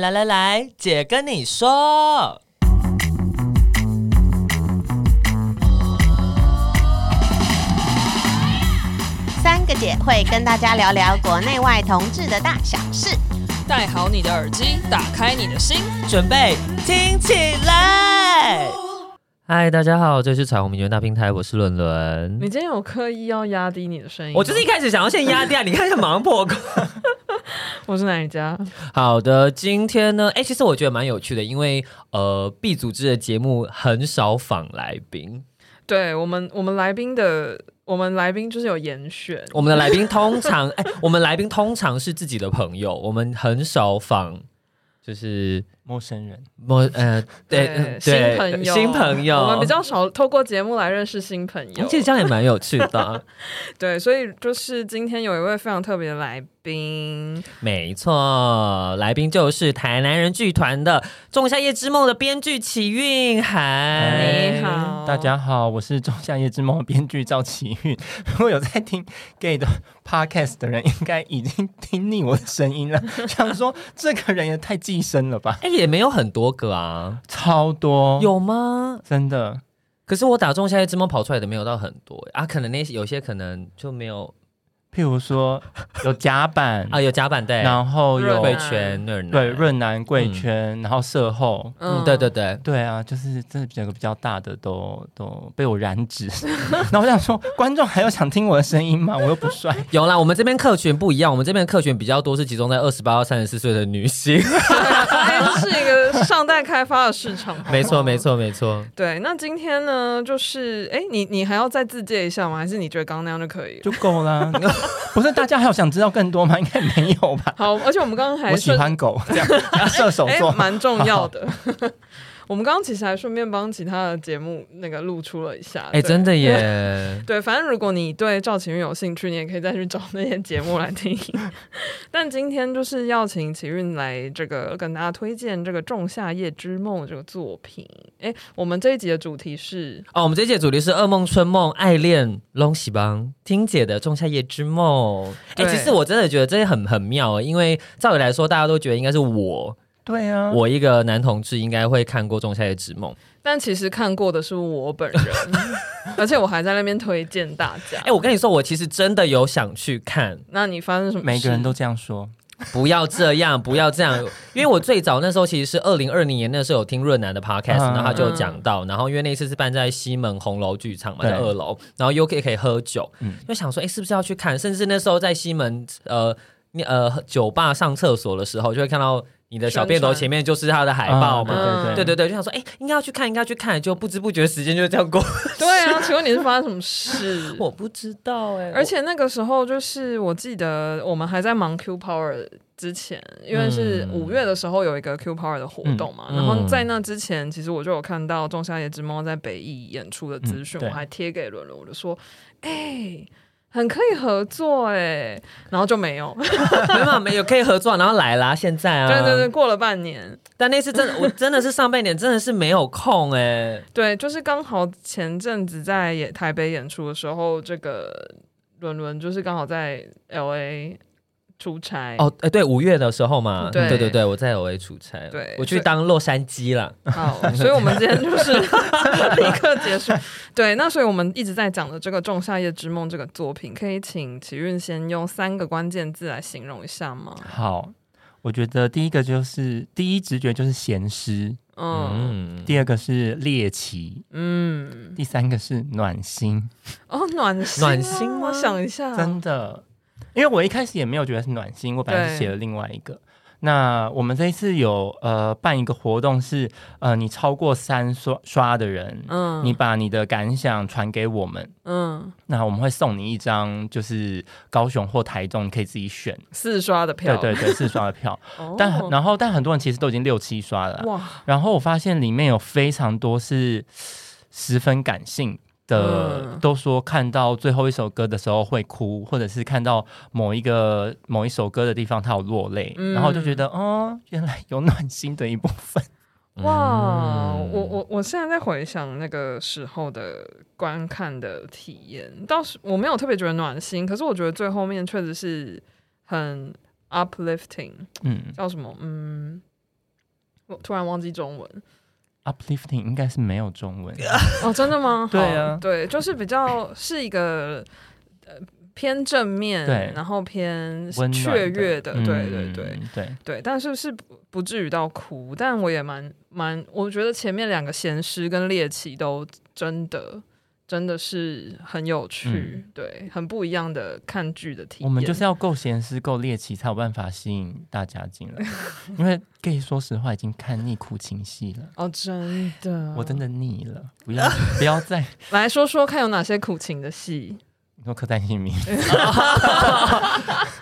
來來來，姐跟你說，三個姐會跟大家聊聊國內外同志的大小事。戴好你的耳機，打開你的心，準備聽起來。嗨，大家好，這裡是彩虹名媛大平台，我是倫倫。你今天有刻意要壓低你的聲音？我就是一開始想要先壓低啊， 你看一下馬上破功 我是哪一家？好的，今天呢？哎、欸，其實我覺得蠻有趣的，因為呃，B 組織的節目很少訪來賓。對我們，我們來賓的，我們來賓就是有嚴選。我們的來賓通常，哎、 欸，我們來賓通常是自己的朋友，我們很少訪，就是陌生人。陌呃，對,對,對新朋友，新朋友，我們比較少透過節目來認識新朋友。其實這樣也蠻有趣的、啊， 對。所以就是今天有一位非常特別的來賓。冰沒錯，來賓就是台南人劇團的《仲夏夜汁夢》的編劇啟運。嗨好大家好，我是《仲夏夜汁夢》的編劇趙啟運。如 果有在聽 Gay 的 Podcast 的人，應該已經聽膩我的聲音了， 想說這個人也太寄生了吧？哎、 欸，也沒有很多個啊，超多有嗎？真的？可是我打《仲夏夜汁夢》跑出來的沒有到很多啊，可能那些有些可能就沒有。譬如說有甲板啊，有甲板對，然後有潤貴圈對，對潤南貴圈，嗯、然後社後，嗯，嗯對對對對啊，就是這幾個比較大的都都被我染指， 然後我想說，觀眾還有想聽我的聲音嗎？我又不帥，有啦，我們這邊客群不一樣，我們這邊的客群比較多是集中在二十八到三十四歲的女性， 哎，就是一個。 上代開發的市場好不好？沒錯，沒錯，沒錯。對，那今天呢，就是，哎、欸，你你還要再自介一下嗎？還是你覺得剛剛那樣就可以了？就夠啦。 不是，大家還有想知道更多嗎？應該沒有吧。好，而且我們剛剛還喜歡狗，射手座蠻、欸欸、重要的。好好 我們剛剛其實還順便幫其他的節目那個露出了一下，哎、欸，對真的耶！對，反正如果你對趙啟運有興趣，你也可以再去找那些節目來聽。 但今天就是要請啟運來這個跟大家推薦這個《仲夏夜汁夢》這個作品。哎，我們這一集的主題是哦，我們這一集的主題是《惡夢春夢愛戀》攏是夢》。聽姐的《仲夏夜汁夢》對。哎、欸，其實我真的覺得這些很很妙，因為照理來說，大家都覺得應該是我。對啊，我一個男同志應該會看過《仲夏夜之夢》，但其實看過的是我本人， 而且我還在那邊推薦大家。哎 欸，我跟你說，我其實真的有想去看。那你發生什麼？每個人都這樣說，不要這樣，不要這樣， 因為我最早那時候其實是二零二零年那時候有聽潤男的 podcast， 然後他就講到，嗯嗯然後因為那次是辦在西門紅樓劇場嘛，在二樓，對然後又可,可以喝酒，嗯、就想說，哎、欸，是不是要去看？甚至那時候在西門呃呃,呃酒吧上廁所的時候，就會看到。你的小便斗前面就是他的海報嘛。嗯、對，對，對，對對對，就想說，哎、欸，應該要去看，應該要去看，就不知不覺時間就這樣過。對啊， 請問你是發生什麼事？ 我不知道哎、欸。而且那個時候就是我記得我們還在忙 Q Power 之前，我因為是五月的時候有一個 Q Power 的活動嘛，嗯、然後在那之前，嗯、其實我就有看到《仲夏夜汁夢》在北藝演出的資訊，嗯、我還貼給倫倫，我就說，哎、欸。很可以合作哎、欸，然後就沒有， 沒有沒有可以合作，然後來啦、啊，現在啊，對對對，過了半年，但那次真的 我真的是上半年真的是沒有空哎、欸，對，就是剛好前陣子在演台北演出的時候，這個倫倫就是剛好在 LA，出差哦，呃，對，五月的時候嘛對、嗯，對對對，我在挪威出差對，對，我去當洛杉磯了。好，所以我們今天就是 立刻結束。對，那所以我們一直在講的這個《仲夏夜汁夢》這個作品，可以請啟運先用三個關鍵字來形容一下嗎？好，我覺得第一個就是第一直覺就是鹹濕，嗯,嗯，第二個是獵奇，嗯，第三個是暖心。哦，暖心、啊，暖心，我想一下，真的。因為我一開始也沒有覺得是暖心，我本來是寫了另外一個。對那我們這一次有呃辦一個活動是呃你超過三刷刷的人，嗯，你把你的感想傳給我們，嗯，那我們會送你一張就是高雄或台中你可以自己選四刷的票，對對對，四刷的票。 但然後但很多人其實都已經六七刷了，哇！然後我發現裡面有非常多是十分感性。呃，都說看到最後一首歌的時候會哭，或者是看到某一個某一首歌的地方他有落淚，嗯、然後就覺得哦，原來有暖心的一部分。嗯、哇，我我我現在在回想那個時候的觀看的體驗，倒是我沒有特別覺得暖心，可是我覺得最後面確實是很 uplifting，嗯，叫什麼？嗯，我突然忘記中文。uplifting 應該是沒有中文哦，Yeah. oh, 真的嗎？Oh, 對啊，對，就是比較是一個、呃、偏正面， 然後偏雀躍的，對對對對，對，對，對，但是是不至於到哭，但我也蠻蠻，我覺得前面兩個鹹濕跟獵奇都真的。真的是很有趣，嗯、對，很不一樣的看劇的體驗。我們就是要夠鹹濕、夠獵奇，才有辦法吸引大家進來。 因為 gay，說實話，已經看膩苦情戲了。哦，oh, 真的，我真的膩了。不要，不要再來說說看，有哪些苦情的戲？都刻在心裡。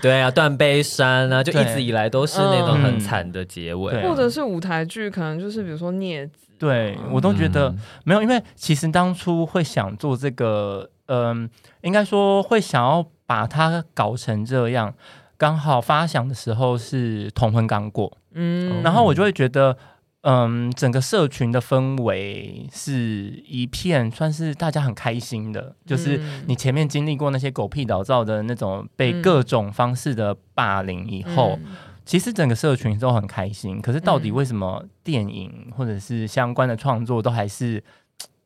對啊，斷背山啊，就一直以來都是那種很慘的結尾，嗯嗯、或者是舞台劇，可能就是比如說《孽子》對，對、嗯、我都覺得、嗯、沒有，因為其實當初會想做這個，嗯、呃，應該說會想要把它搞成這樣，剛好發想的時候是同婚剛過，嗯，然後我就會覺得。嗯，整個社群的氛圍是一片，算是大家很開心的。嗯、就是你前面經歷過那些狗屁倒灶的那種，被各種方式的霸凌以後，嗯、其實整個社群都很開心。可是到底為什麼電影或者是相關的創作都還是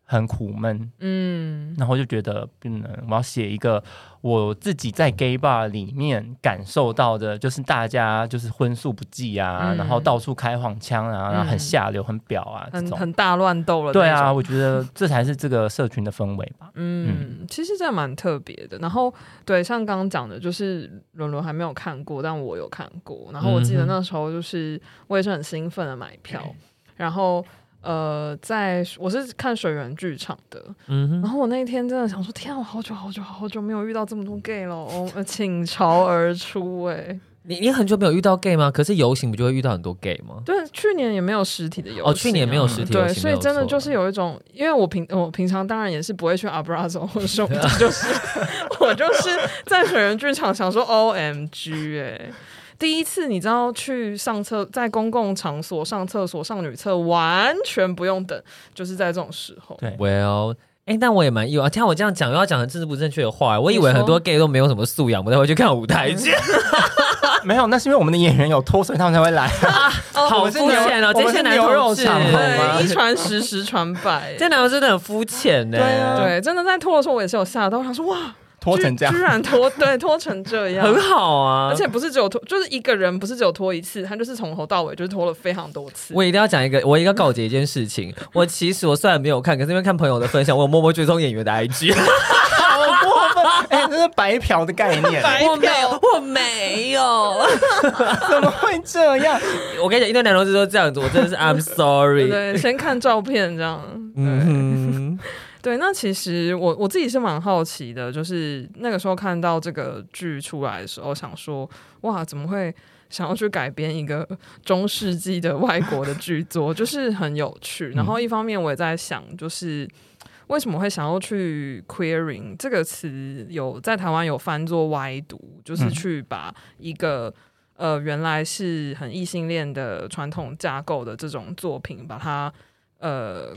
很苦悶，嗯，然後就覺得嗯，我要寫一個我自己在 gay bar 裡面感受到的，就是大家就是葷素不忌啊，嗯、然後到處開黃腔、啊，嗯、然後很下流，很婊啊，很，很大亂鬥了。對啊，我覺得這才是這個社群的氛圍吧。嗯，嗯其實這樣蠻特別的。然後對，像剛剛講的，就是倫倫還沒有看過，但我有看過。然後我記得那時候就是我也是很興奮的買票，嗯、哼然後。呃，在我是看水源劇場的，嗯哼，然後我那一天真的想說，天、啊，我好久好久好久沒有遇到這麼多 gay 了，我傾巢而出、欸，哎，你你很久沒有遇到 gay 嗎？可是遊行不就會遇到很多 gay 嗎？對，去年也沒有實體的遊行、啊、哦，去年也沒有實體遊行、啊嗯，對，所以真的就是有一種，嗯、因為我平我平常當然也是不會去 Abrazo，或者說我 就是 我就是在水源劇場想說 OMG，哎、欸。第一次你知道去上廁，在公共場所上廁所上女廁完全不用等，就是在這種時候。對，Well，哎，但我也蠻意外，聽我這樣講又要講很政治不正確的話，我以為很多 gay 都沒有什麼素養，我才會去看舞台劇。沒有，那是因為我們的演員有脫，所以他們才會來。好膚淺哦，這些男同志，一傳十十傳百，這男的真的很膚淺呢。對，真的在脫的時候我也是有嚇到，我想說哇。拖居然拖，對，拖成這樣， 很好啊！而且不是只有拖，就是一個人，不是只有拖一次，他就是從頭到尾就是拖了非常多次。 我一定要講一個，我一定要告解一件事情。我其實我雖然沒有看，可是因為看朋友的分享，我有默默追蹤演員的 IG。 好過分！哎，這是白嫖的概念。 白嫖 我沒有，我沒有 怎麼會這樣？ 我跟你講，一堆男同志都這樣子，我真的是 I'm sorry。 先看照片，這樣。 嗯。對，那其實我我自己是蠻好奇的，就是那個時候看到這個劇出來的時候，想說哇，怎麼會想要去改編一個中世紀的外國的劇作， 就是很有趣。然後一方面我也在想，就是為什麼會想要去 queering 這個詞有在台灣有翻作歪讀，就是去把一個呃原來是很異性戀的傳統架構的這種作品，把它呃。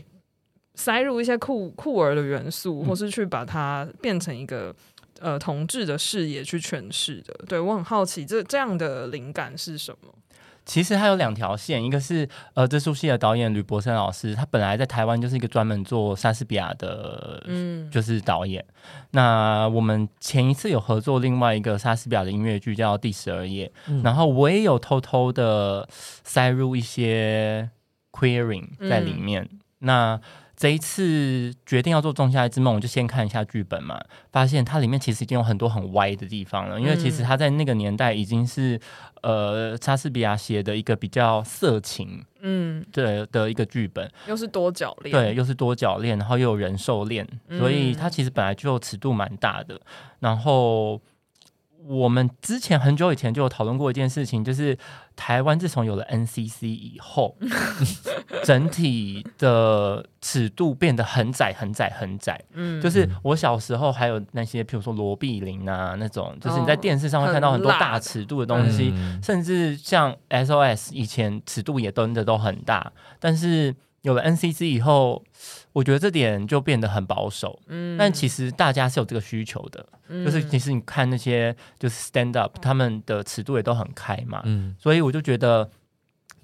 塞入一些酷酷兒的元素，或是去把它變成一個呃同志的視野去詮釋的。對，我很好奇，這這樣的靈感是什麼？其實它有兩條線，一個是呃，這出戲的導演呂博森老師，他本來在台灣就是一個專門做莎士比亞的，嗯，就是導演。嗯、那我們前一次有合作另外一個莎士比亞的音樂劇叫《第十二夜》，嗯、然後我也有偷偷的塞入一些 queering 在裡面，嗯、那。這一次決定要做《仲夏夜汁夢》，我就先看一下劇本嘛，發現它裡面其實已經有很多很歪的地方了。因為其實它在那個年代已經是，呃，莎士比亞寫的一個比較色情，嗯，對的一個劇本，嗯、又是多角戀，對，又是多角戀，然後又有人獸戀，所以它其實本來就尺度蠻大的。然後。我們之前很久以前就有討論過一件事情，就是台灣自從有了 NCC 以後， 整體的尺度變得很窄、很窄、很窄，嗯。就是我小時候還有那些，譬如說羅碧琳啊，那種，就是你在電視上會看到很多大尺度的東西，哦嗯，甚至像 SOS 以前尺度也蹲的都很大，但是有了 NCC 以後。我覺得這點就變得很保守，嗯，但其實大家是有這個需求的，嗯、就是其實你看那些就是 stand up，他們的尺度也都很開嘛，嗯、所以我就覺得，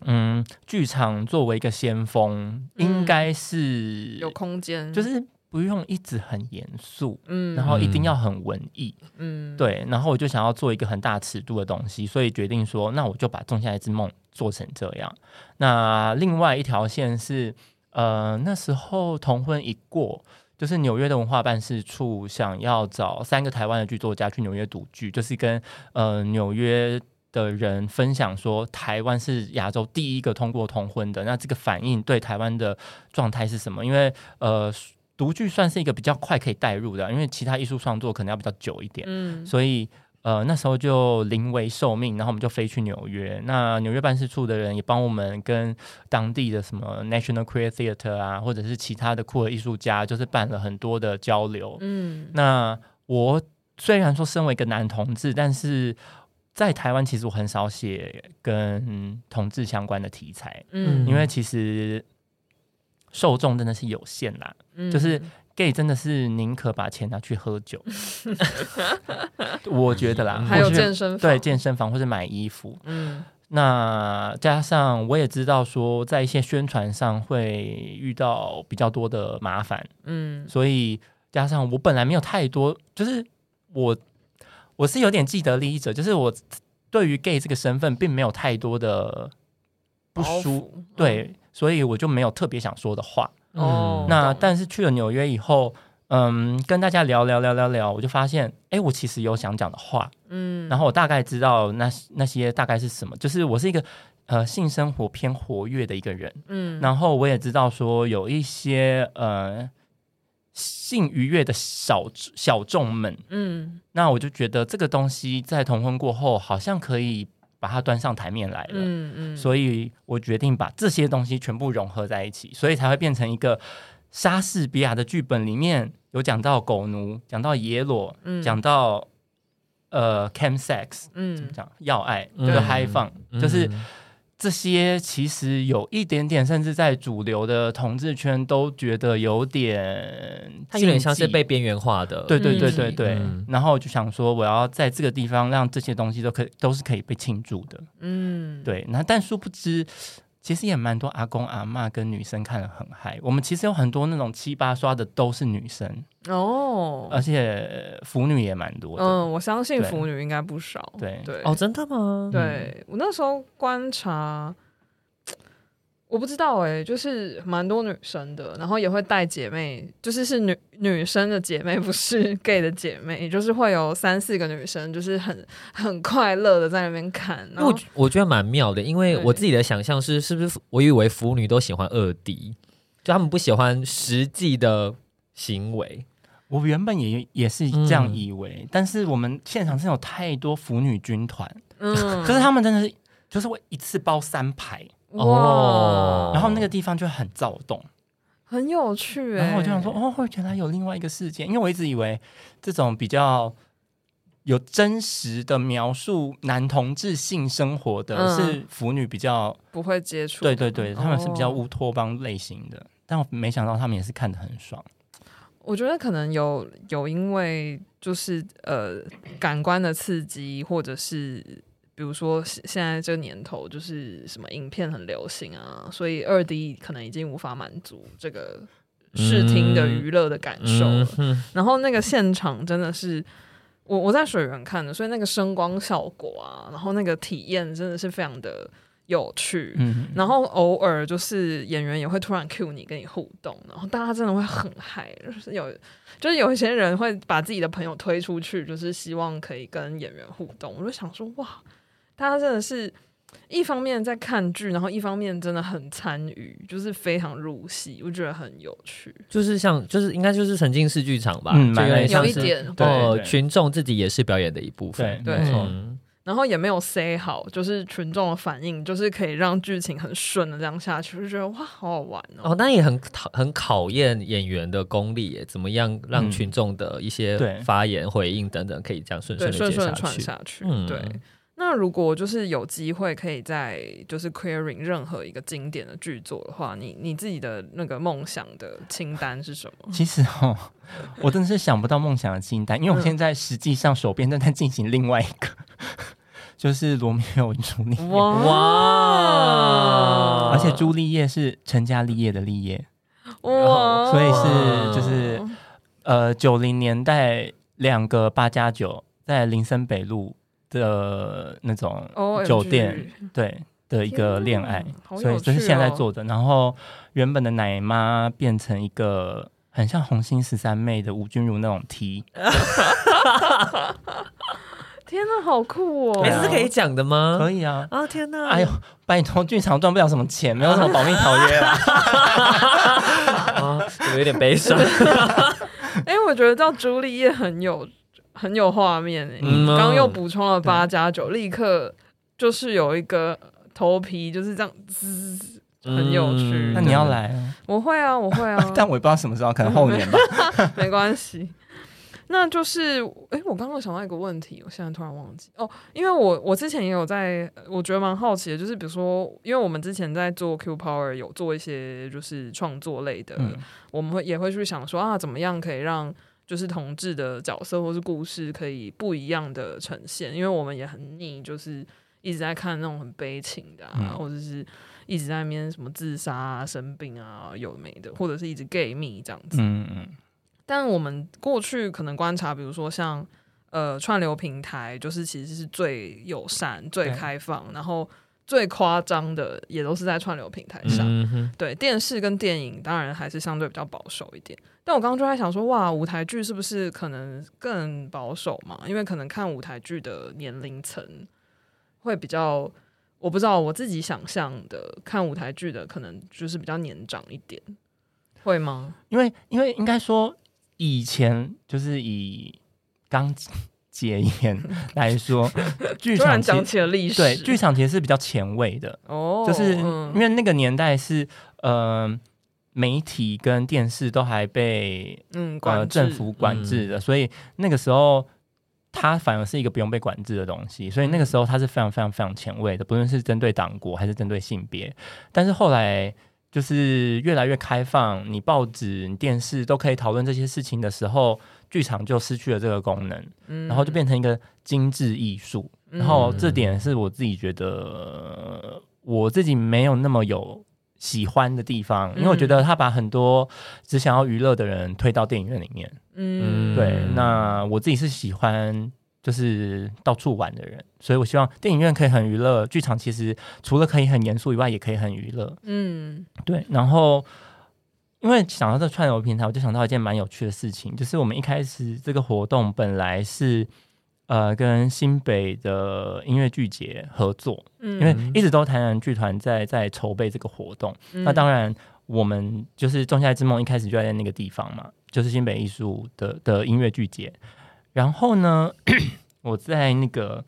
嗯，劇場作為一個先鋒，應該是、嗯、有空間，就是不用一直很嚴肅，嗯，然後一定要很文藝，嗯，對，然後我就想要做一個很大尺度的東西，所以決定說，那我就把《仲夏夜之夢》做成這樣。那另外一條線是。呃，那時候同婚一過，就是紐約的文化辦事處想要找三個台灣的劇作家去紐約讀劇，就是跟呃紐約的人分享說，台灣是亞洲第一個通過同婚的。那這個反應對台灣的狀態是什麼？因為呃，讀劇算是一個比較快可以帶入的，因為其他藝術創作可能要比較久一點。嗯，所以。呃，那時候就臨危受命，然後我們就飛去紐約。那紐約辦事處的人也幫我們跟當地的什麼 National Queer Theatre 啊，或者是其他的酷兒藝術家，就是辦了很多的交流。嗯，那我雖然說身為一個男同志，但是在台灣其實我很少寫跟同志相關的題材。嗯，因為其實受眾真的是有限啦。嗯，就是。gay 真的是寧可把錢拿去喝酒， 我覺得啦，嗯、是還有健身房，對健身房或是買衣服，嗯，那加上我也知道說，在一些宣傳上會遇到比較多的麻煩，嗯，所以加上我本來沒有太多，就是我我是有點既得利益者，就是我對於 gay 這個身份並沒有太多的不舒服對，嗯、所以我就沒有特別想說的話。嗯、哦，那對但是去了紐約以後，嗯，跟大家聊聊聊聊聊，我就發現，哎，我其實有想講的話，嗯，然後我大概知道那那些大概是什麼，就是我是一個呃性生活偏活躍的一個人，嗯，然後我也知道說有一些呃性愉悅的小小眾們，嗯，那我就覺得這個東西在同婚過後好像可以。把它端上台面來了，嗯嗯，所以我決定把這些東西全部融合在一起，所以才會變成一個莎士比亞的劇本裡面有講到狗奴，講到野裸，講到呃，cam sex，嗯，呃，sex，嗯，怎麼講要愛，就是 high fun，嗯嗯，就是。這些其實有一點點，甚至在主流的同志圈都覺得有點，它有點像是被邊緣化的。嗯、對對對對對。然後就想說，我要在這個地方讓這些東西都可以都是可以被慶祝的。嗯，對。那但殊不知，其實也蠻多阿公阿嬤跟女生看得很嗨。我們其實有很多那種七八刷的都是女生。哦，oh, 而且腐女也蠻多的。嗯，我相信腐女應該不少。對對，對對哦，真的嗎？對我那時候觀察，嗯、我不知道哎、欸，就是蠻多女生的，然後也會帶姐妹，就是是女女生的姐妹，不是 gay 的姐妹，就是會有三四個女生，就是很很快樂的在那邊看。我我覺得蠻妙的，因為我自己的想象是，是不是我以為腐女都喜歡二 D，就他們不喜歡實際的行為。我原本也也是這樣以為，嗯、但是我們現場是有太多腐女軍團，嗯、可是他們真的是就是會一次包三排哇哦，然後那個地方就很躁動，很有趣、欸。然後我就想說，哦，原來有另外一個世界，因為我一直以為這種比較有真實的描述男同志性生活的，是腐女比較不會接觸，嗯、對對對，哦、他們是比較烏托邦類型的，但我沒想到他們也是看得很爽。我覺得可能有有因為就是呃感官的刺激，或者是比如說現現在這年頭就是什麼影片很流行啊，所以二 D 可能已經無法滿足這個視聽的娛樂的感受了，嗯嗯嗯，然後那個現場真的是我我在水源看的，所以那個聲光效果啊，然後那個體驗真的是非常的有趣，然後偶爾就是演員也會突然 cue 你，跟你互動，然後大家真的會很嗨，就是有，就是有一些人會把自己的朋友推出去，就是希望可以跟演員互動。我就想說，哇，大家真的是一方面在看劇，然後一方面真的很參與，就是非常入戲，我覺得很有趣。就是像，就是應該就是沉浸式劇場吧，嗯、就有，有一點，對，群眾自己也是表演的一部分，對，對，沒錯然後也沒有 say 好，就是群眾的反應，就是可以讓劇情很順的這樣下去，就覺得哇，好好玩哦。但、哦、那也很討，很考驗演員的功力耶，怎麼樣讓群眾的一些發言、嗯、回應等等，可以這樣順順的接下去。順順串下去。嗯，對。那如果就是有機會可以在就是 queering 任何一個經典的劇作的話，你你自己的那個夢想的清單是什麼？其實哦，我真的是想不到夢想的清單， 因為我現在實際上手邊正在進行另外一個。就是羅密歐與朱麗葉，哇 Wow！而且朱麗葉是成家立業的立業，哇 Wow！所以是 Wow 就是呃九零年代兩個八加九在林森北路的那種酒店、oh, 對的一個戀愛，哦、所以就是現在做的。然後原本的奶媽變成一個很像紅星十三妹的吳君如那種 T。 天哪，好酷哦、喔！每次、欸、是可以講的嗎？可以啊。哦、啊，天哪！哎呦，拜託，劇場賺不了什麼錢，沒有什麼保密條約 啊。有點悲傷。哎、 欸，我覺得叫朱麗葉很有很有畫面哎、欸。剛、嗯哦、又補充了八加九，9, 對立刻就是有一個頭皮就是這樣滋，嗯、很有趣。那對你要來？我會啊，我會啊， 但我也不知道什麼時候，可能後年吧。 沒關係。那就是，哎，我剛剛想到一個問題，我現在突然忘記哦。因為我我之前也有在，我覺得蠻好奇的，就是比如說，因為我們之前在做 Q Power 有做一些就是創作類的，嗯、我們會也會去想說啊，怎麼樣可以讓就是同志的角色或是故事可以不一樣的呈現？因為我們也很膩，就是一直在看那種很悲情的、啊，嗯、或者是一直在那邊什麼自殺、啊、生病啊、有沒的，或者是一直 gay me 這樣子，嗯，嗯嗯。但我們過去可能觀察，比如說像呃串流平台，就是其實是最友善、最開放，對然後最誇張的也都是在串流平台上。嗯、哼對電視跟電影，當然還是相對比較保守一點。但我剛剛就在想說，哇，舞台劇是不是可能更保守嘛？因為可能看舞台劇的年齡層會比較……我不知道我自己想象的看舞台劇的，可能就是比較年長一點，會嗎？因為因為應該說。以前就是以剛解嚴來說，劇 場講起了歷史。對、劇場其實是比較前衛的、哦、就是因為那個年代是呃，媒體跟電視都還被嗯政府管制的，嗯管制嗯、所以那個時候它反而是一個不用被管制的東西，所以那個時候它是非常非常非常前衛的，不論是針對黨國還是針對性別，但是後來，就是越來越開放，你報紙、你電視都可以討論這些事情的時候，劇場就失去了這個功能，嗯、然後就變成一個精致藝術。然後這點是我自己覺得，嗯、我自己沒有那麼有喜歡的地方，因為我覺得他把很多只想要娛樂的人推到電影院裡面。嗯，對，那我自己是喜歡。就是到處玩的人，所以我希望電影院可以很娛樂，劇場其實除了可以很嚴肅以外，也可以很娛樂。嗯，對。然後，因為想到這串流平台，我就想到一件蠻有趣的事情，就是我們一開始這個活動本來是呃跟新北的音樂劇節合作，嗯、因為一直都台南劇團在在籌備這個活動，嗯、那當然我們就是仲夏之夢一開始就在那個地方嘛，就是新北藝術的的音樂劇節。然後呢， 我在那個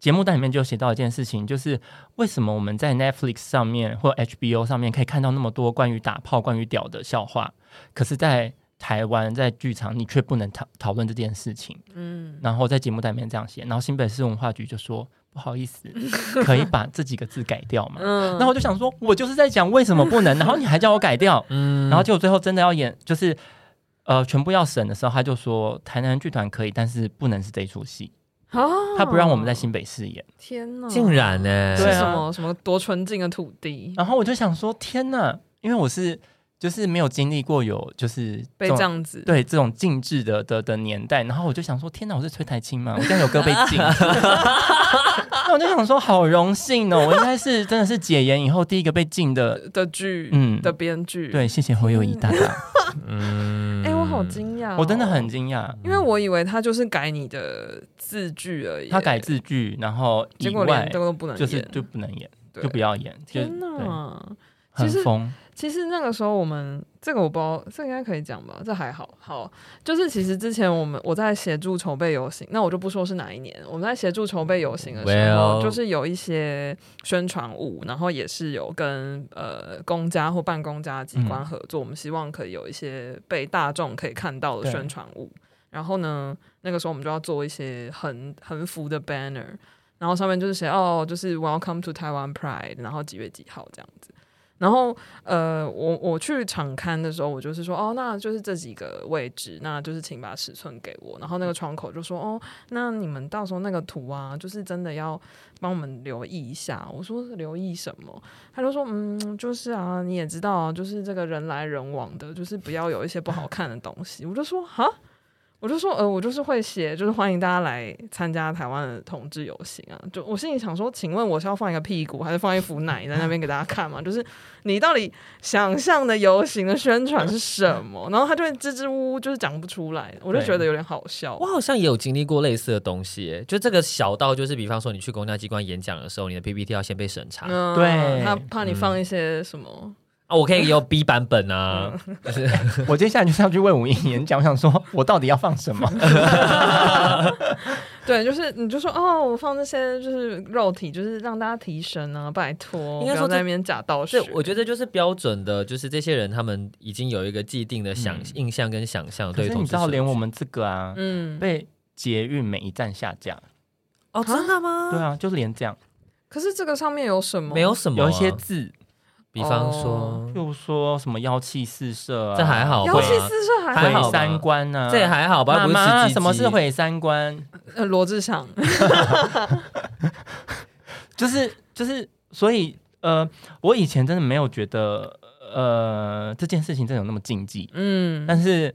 節目單裡面就寫到一件事情，就是為什麼我們在 Netflix 上面或 HBO 上面可以看到那麼多關於打炮、關於屌的笑話，可是，在台灣在劇場你卻不能討討論這件事情。嗯，然後在節目單裡面這樣寫，然後新北市文化局就說不好意思，可以把這幾個字改掉嘛。嗯，那我就想說，我就是在講為什麼不能，然後你還叫我改掉，嗯，然後結果最後真的要演就是。呃，全部要審的時候，他就說台南人劇團可以，但是不能是這出戲，哦、他不讓我們在新北市演。天哪，竟然呢、欸？對啊、什麼什麼多純淨的土地？然後我就想說，天哪，因為我是。就是沒有經歷過有就是被這樣子對這種禁制的的的年代，然後我就想說，天哪，我是崔苔菁嘛？我現在有歌被禁？那我就想說，好榮幸哦，我應該是真的是解嚴以後第一個被禁的的劇，嗯，的編劇。對，謝謝侯友宜大大。嗯，哎，我好驚訝，我真的很驚訝，因為我以為他就是改你的字句而已，他改字句，然後結果連都不能就是不能演，就不要演。天哪！其實，風其實那個時候我們這個我不知道，這個、應該可以講吧？這還好，好，就是其實之前我們我在協助籌備遊行，那我就不說是哪一年。我們在協助籌備遊行的時候，well, 就是有一些宣傳物，然後也是有跟呃公家或半公家機關合作。嗯、我們希望可以有一些被大眾可以看到的宣傳物。對然後呢，那個時候我們就要做一些橫橫幅的 banner，然後上面就是寫哦，就是 Welcome to Taiwan Pride，然後幾月幾號這樣子。然後，呃，我我去場刊的時候，我就是說，哦，那就是這幾個位置，那就是請把尺寸給我。然後那個窗口就說，哦，那你們到時候那個圖啊，就是真的要幫我們留意一下。我說留意什麼？他就說，嗯，就是啊，你也知道啊，就是這個人來人往的，就是不要有一些不好看的東西。 我就說，哈。我就說，呃，我就是會寫，就是歡迎大家來參加台灣的同志遊行啊！就我心裡想說，請問我是要放一個屁股，還是放一副奶在那邊給大家看嘛？ 就是你到底想象的遊行的宣傳是什麼？ 然後他就會支支吾吾，就是講不出來。我就覺得有點好笑。我好像也有經歷過類似的東西，就這個小到就是，比方說你去公家機關演講的時候，你的 PPT 要先被審查，嗯、對，他怕你放一些什麼。嗯我可以有 B 版本啊，就是我接下來就上去衛武營演講，我想說我到底要放什麼？對，就是你就說哦，我放這些就是肉體，就是讓大家提神啊！拜托，應該說那邊假道學。對，我覺得就是標準的，就是這些人他們已經有一個既定的想印象跟想象。可是你知道，連我們這個啊，嗯，被捷運每一站下架哦，真的嗎？對啊，就是連這樣。可是這個上面有什麼？沒有什麼，有一些字。比方說，又、oh. 說什麼妖氣四射，啊，這還好，妖氣四射還好。毀三觀呢，啊？這也還好吧？媽、啊、什麼是毀三觀？羅、呃、志祥， 就是就是，所以呃，我以前真的沒有覺得呃這件事情真的有那麼禁忌，嗯，但是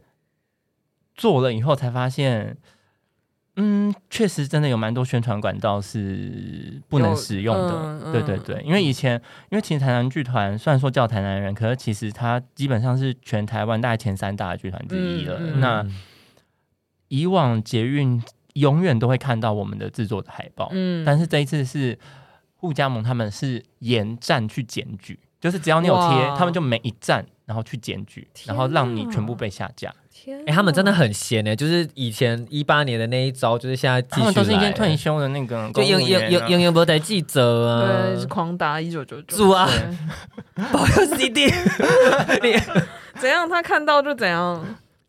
做了以後才發現。嗯，確實，真的有蠻多宣傳管道是不能使用的。嗯嗯、對對對，因為以前，因為其實台南劇團雖然說叫台南人，可是其實他基本上是全台灣大概前三大的劇團之一了。嗯嗯、那以往捷運永遠都會看到我們的製作的海報，嗯、但是這一次是護家盟，他們是沿站去檢舉，就是只要你有貼，哇他們就每一站。然後去檢舉，啊、然後讓你全部被下架。天、啊誒，他們真的很閒哎、欸，就是以前一八年的那一招，就是現在繼續來。他們都是天天退休的那個，就英英英英英博的記者啊，圓圓啊對，是狂打一九九九。主啊，對保佑 CD，怎樣他看到就怎樣。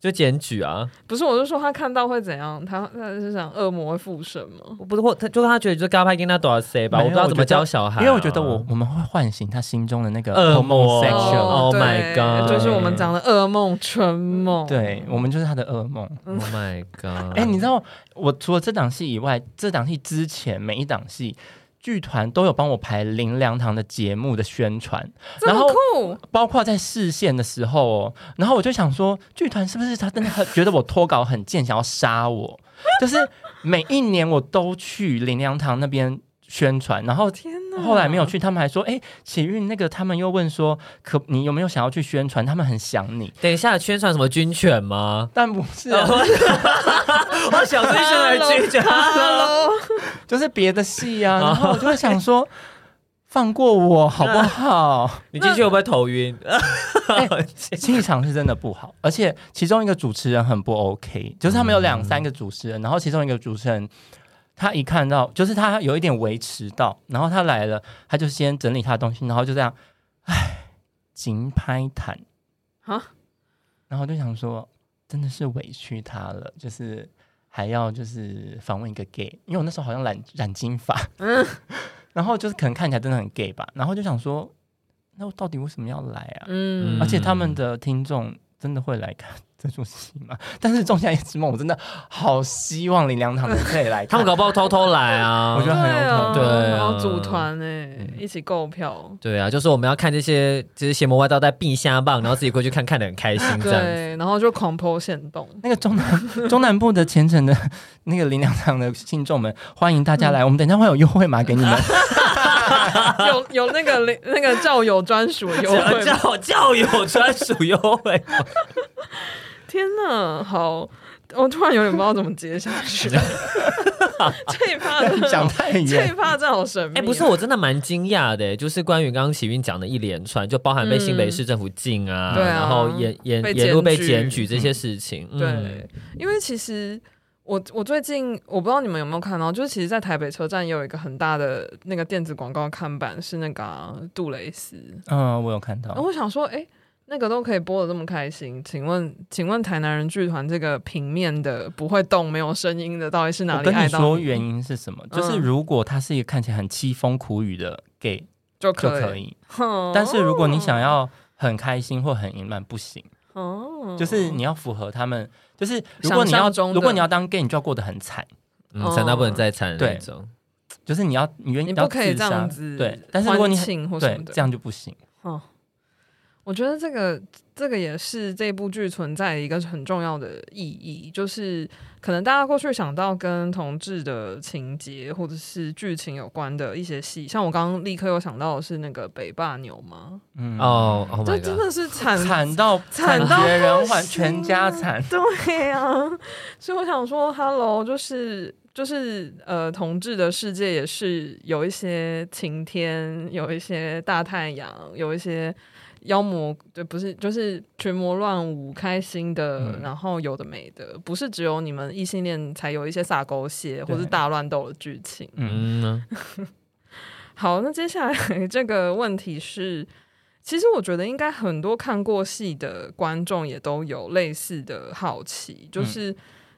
就檢舉啊？不是，我是說他看到會怎樣？他他是想惡魔會附身嗎？我不是，或他就他覺得就剛拍跟他多少歲吧？沒有，我不知道怎麼教小孩，因為我覺得我、啊、我們會喚醒他心中的那個噩夢。Oh my god！就是我們講的噩夢、春夢。對我們就是他的噩夢。嗯、oh my god！哎、欸，你知道我除了這檔戲以外，這檔戲之前每一檔戲。劇團都有幫我排林良堂的節目的宣傳，然後包括在視線的時候、喔，然後我就想說，劇團是不是他真的覺得我脫稿很賤， 想要殺我？就是每一年我都去林良堂那邊宣傳，然後。天後來沒有去，他們還說：“哎、欸，啟運那個，他們又問說，可你有沒有想要去宣傳？他們很想你。等一下宣傳什麼軍犬嗎？但不是、啊，我想宣傳軍犬。Hello，, Hello 就是別的戲呀、啊。然後我就會想說，放過我好不好？你進去會不會頭暈？氣、欸、場是真的不好，而且其中一個主持人很不 OK，就是他們有兩三個主持人，嗯、然後其中一個主持人。”他一看到，就是他有一點維持到，然後他來了，他就先整理他的東西，然後就這樣，唉，緊拍毯，啊哈，然後就想說，真的是委屈他了，就是還要就是訪問一個 gay，因為我那時候好像染染金髮，嗯， 然後就是可能看起來真的很 gay 吧，然後就想說，那我到底為什麼要來啊？嗯，而且他們的聽眾。真的會來看這種戲嗎？但是《仲夏夜汁夢》，我真的好希望靈糧堂可以來看， 他們搞不好偷偷來啊！我覺得很有可能，對、啊，要、啊、組團哎，嗯、一起購票。對啊，就是我們要看這些，就是邪魔外道在避下棒，然後自己過去看看的 很開心這樣子，對，然後就狂 po 限動那個中南中南部的虔誠的那個靈糧堂的信眾們，歡迎大家來，嗯、我們等一下會有優惠碼給你們。 有有那個那個教友專屬優惠教，教教友專屬優惠。 天哪，好，我突然有點不知道怎麼接下去了。最怕，趴講太遠，這一趴，這一趴真好神秘、啊。哎，欸、不是，我真的蠻驚訝的、欸，就是關於剛剛啟運講的一連串，就包含被新北市政府禁啊，嗯、然後演演演路被檢舉這些事情。嗯嗯、對，因為其實。我我最近我不知道你們有沒有看到，就是其實，在台北車站也有一個很大的那個電子廣告看板，是那個、啊、杜蕾斯。嗯，我有看到。哦、我想說，哎，那個都可以播得這麼開心，請問，請問台南人劇團這個平面的不會動、沒有聲音的，到底是哪裡？我跟你說原因是什麼？就是如果他是一個看起來很淒風苦雨的 gay，就，就可以。但是如果你想要很開心或很淫亂，不行。哦，oh. 就是你要符合他們，就是如果你要中，如果你要當 gay，你就要過得很慘，慘、oh. 嗯、到不能再慘的那種。對。就是你要，你願意要自殺，你不可以這樣子。對，但是如果你很對，這樣就不行。哦，oh. 我覺得這個。這個也是這部劇存在一個很重要的意義，就是可能大家過去想到跟同志的情節或者是劇情有關的一些戲，像我剛剛立刻又想到的是那個北霸牛嘛，嗯，哦、oh, oh，這真的是慘慘到慘絕人寰，全家慘，對呀、啊。所以我想說哈嘍就是就是呃，同志的世界也是有一些晴天，有一些大太陽，有一些。妖魔，這不是就是群魔亂舞，開心的，嗯、然後有的沒的，不是只有你們異性戀才有一些撒狗血對或者大亂鬥的劇情。嗯呢， 好，那接下來這個問題是，其實我覺得應該很多看過戲的觀眾也都有類似的好奇，就是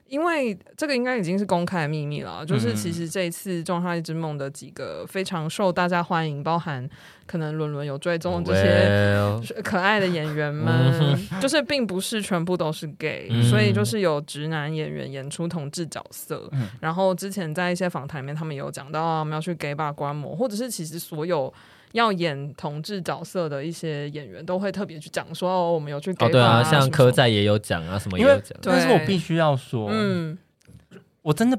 因為這個應該已經是公開的秘密了，嗯、就是其實這一次《仲夏夜汁夢》的幾個非常受大家歡迎，包含。可能倫倫有追蹤這些可愛的演員們，well, 就是並不是全部都是 gay，、嗯、所以就是有直男演員演出同志角色。嗯、然後之前在一些訪談裡面，他們也有講到我們要去 gay 吧觀摩，或者是其實所有要演同志角色的一些演員都會特別去講說哦，我們有去 gay 吧、哦、對啊，像柯仔也有講啊，什麼也有講。但是我必須要說，嗯，我真的。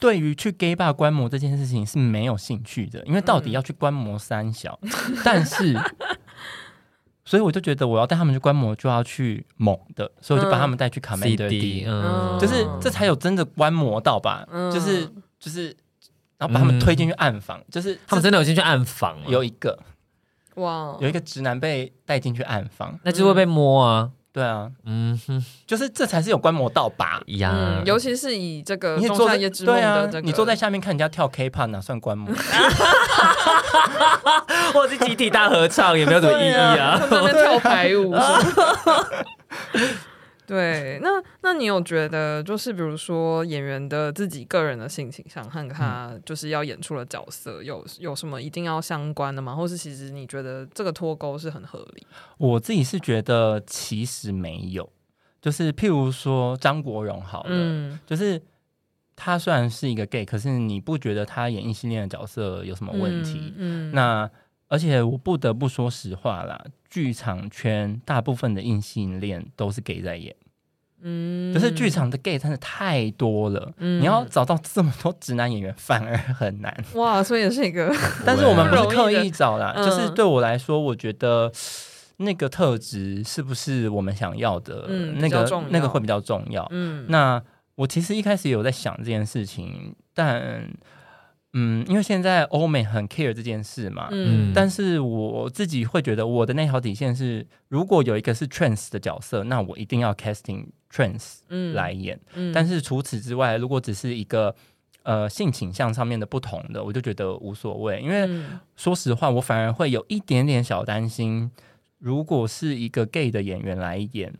對於去 gay 吧觀摩這件事情是沒有興趣的，因為到底要去觀摩三小，嗯、但是 所以我就覺得我要帶他們去觀摩就要去猛的，所以我就把他們帶去卡梅拉迪，CD, 嗯、就是這才有真的觀摩到吧？嗯、就是就是，然後把他們推進去暗房，嗯、就是這他們真的有進去暗房，有一個哇，Wow 有一個直男被帶進去暗房，嗯、那就會被摸啊。對啊，嗯，就是這才是有觀摩到吧？一樣、嗯，尤其是以這個、這個，你坐在對啊，你坐在下面看人家跳 K-pop 哪、啊、算觀摩？或 是集體大合唱 也沒有什麼意義啊，啊在跳排舞。 對，那那你有覺得就是比如說演員的自己個人的性傾向和他就是要演出的角色有、嗯、有什麼一定要相關的嗎？或是其實你覺得這個脫鈎是很合理？我自己是覺得其實沒有，就是譬如說張國榮，好的，嗯、就是他雖然是一個 gay，可是你不覺得他演異性戀的角色有什麼問題？嗯，嗯那。而且我不得不說實話啦，劇場圈大部分的異性戀都是 gay 在演，嗯，可是劇場的 gay 真的太多了，嗯，你要找到這麼多直男演員反而很難，哇，所以也是一個。 但是我們不是刻意找啦，就是對我來說，我覺得那個特質是不是我們想要的，嗯、那個那個會比較重要。嗯，那我其實一開始有在想這件事情，但。嗯，因為現在歐美很 care 這件事嘛，嗯，但是我自己會覺得，我的那條底線是，如果有一個是 trans 的角色，那我一定要 casting trans，嗯，來演。嗯，嗯，但是除此之外，如果只是一個呃性傾向上面的不同的，我就覺得無所謂。因為說實話，我反而會有一點點小擔心，如果是一個 gay 的演員來演。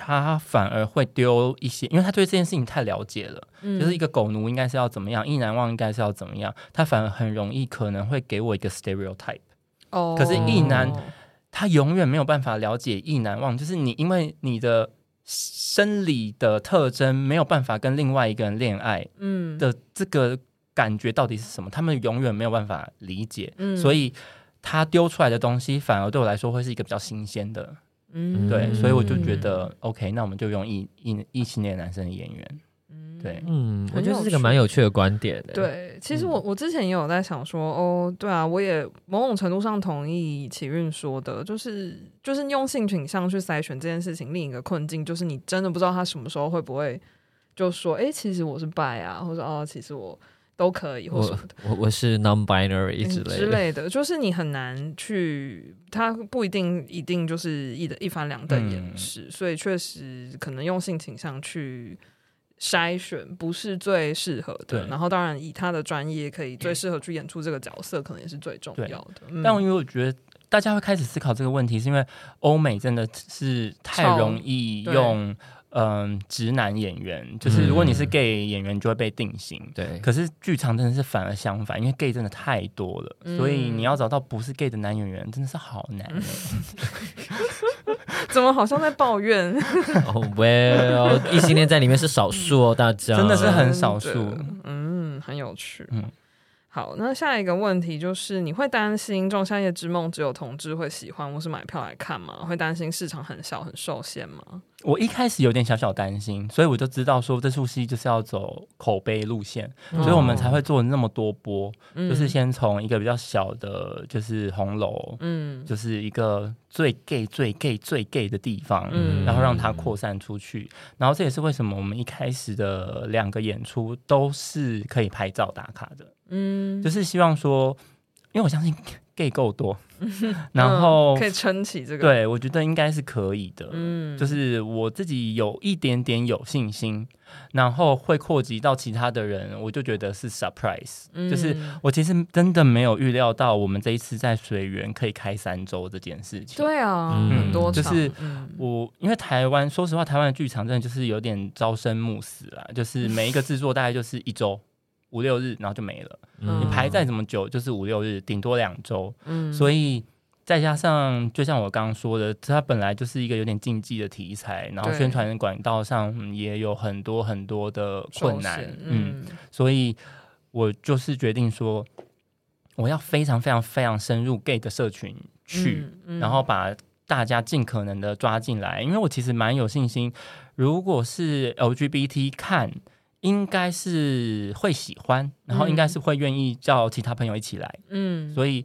他反而會丟一些，因為他對這件事情太了解了。嗯，就是一個狗奴應該是要怎麼樣，異男忘應該是要怎麼樣。他反而很容易可能會給我一個 stereotype。哦，可是異男，他永遠沒有辦法了解異男忘，就是你因為你的生理的特徵沒有辦法跟另外一個人戀愛，嗯，的這個感覺到底是什麼？他們永遠沒有辦法理解。嗯，所以他丟出來的東西反而對我來說會是一個比較新鮮的。嗯，對，所以我就覺得，嗯，OK，那我們就用異異異性戀男生的演員，嗯，對，嗯，我覺得是這個蠻有趣的觀點的。對，其實我我之前也有在想說，哦，對啊，我也某種程度上同意啟運說的，就是就是用性取向去篩選這件事情，另一個困境就是你真的不知道他什麼時候會不會就說，哎，其實我是掰啊，或者哦，其實我。都可以或什麼的，我我，我是 non-binary 之類的、嗯，之類的，就是你很難去，他不一定一定就是一的一帆兩的延是，嗯、所以確實可能用性傾向去篩選不是最適合的，對然後當然以他的專業可以最適合去演出這個角色，嗯、可能也是最重要的。對嗯、但因為我覺得大家會開始思考這個問題，是因為歐美真的是太容易用。嗯、呃，直男演員就是，如果你是 gay 演員，就會被定型。對、嗯，可是劇場真的是反而相反，因為 gay 真的太多了，嗯、所以你要找到不是 gay 的男演員真的是好難。嗯、 怎麼好像在抱怨？哦、oh well，異性戀在裡面是少數哦，大家真的是很少數。嗯，很有趣。嗯。好，那下一個問題就是，你會擔心《仲夏夜汁夢》只有同志會喜歡，或是買票來看嗎？會擔心市場很小、很受限嗎？我一開始有點小小擔心，所以我就知道說，這出戲就是要走口碑路線，所以我們才會做那麼多波，哦嗯、就是先從一個比較小的，就是紅樓，嗯，就是一個最 gay、最 gay、最 gay 的地方，嗯、然後讓它擴散出去。嗯、然後這也是為什麼我們一開始的兩個演出都是可以拍照打卡的。嗯，就是希望說，因為我相信 gay 夠多，嗯、然後可以撐起這個。對，我覺得應該是可以的。嗯，就是我自己有一點點有信心，然後會擴及到其他的人，我就覺得是 surprise。嗯，就是我其實真的沒有預料到，我們這一次在水源可以開三周這件事情。對啊，很、嗯、多就是我，因為台灣，說實話，台灣的劇場真的就是有點朝生暮死啦，就是每一個製作大概就是一周。嗯五六日，然後就沒了。嗯、你排再怎麼久，就是五六日，頂多兩週。嗯、所以再加上，就像我剛剛說的，它本來就是一個有點禁忌的題材，然後宣傳管道上對、嗯、也有很多很多的困難。嗯、嗯，所以我就是決定說，我要非常非常非常深入 gay 的社群去，嗯嗯、然後把大家儘可能的抓進來，因為我其實蠻有信心，如果是 LGBT 看。應該是會喜歡，然後應該是會願意叫其他朋友一起來，嗯，所以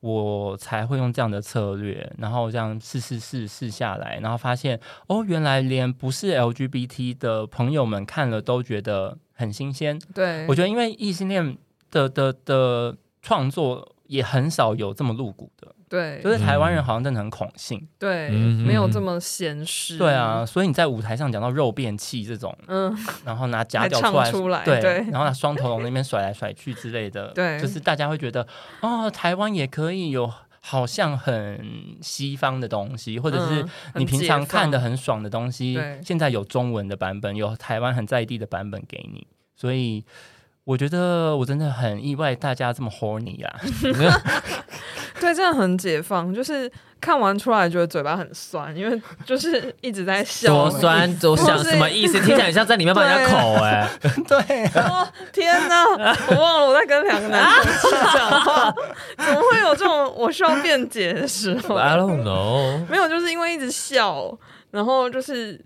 我才會用這樣的策略，然後這樣試試試試下來，然後發現哦，原來連不是 LGBT 的朋友們看了都覺得很新鮮。對，我覺得因為異性戀的的的創作也很少有這麼露骨的。對，就是台灣人好像真的很恐性，對，嗯、哼沒有這麼鹹濕。對啊，所以你在舞台上講到肉便器這種，嗯、然後拿假屌出來，出來，對，對，然後拿雙頭龍那邊甩來甩去之類的，對，就是大家會覺得哦，台灣也可以有，好像很西方的東西，或者是你平常看得很爽的東西，嗯、現在有中文的版本，有台灣很在地的版本給你，所以。我覺得我真的很意外，大家這麼 horny 啦、啊。你沒有 對，真的很解放，就是看完出來覺得嘴巴很酸，因為就是一直在笑。多酸，多想什麼意思？是聽起來像在裡面把人家口哎、欸 啊。對、啊 哦。天吶，我忘了我在跟兩個男人去講話，啊、 怎麼會有這種我需要辯解的時候？I don't know。 沒有，就是因為一直笑。然後就是，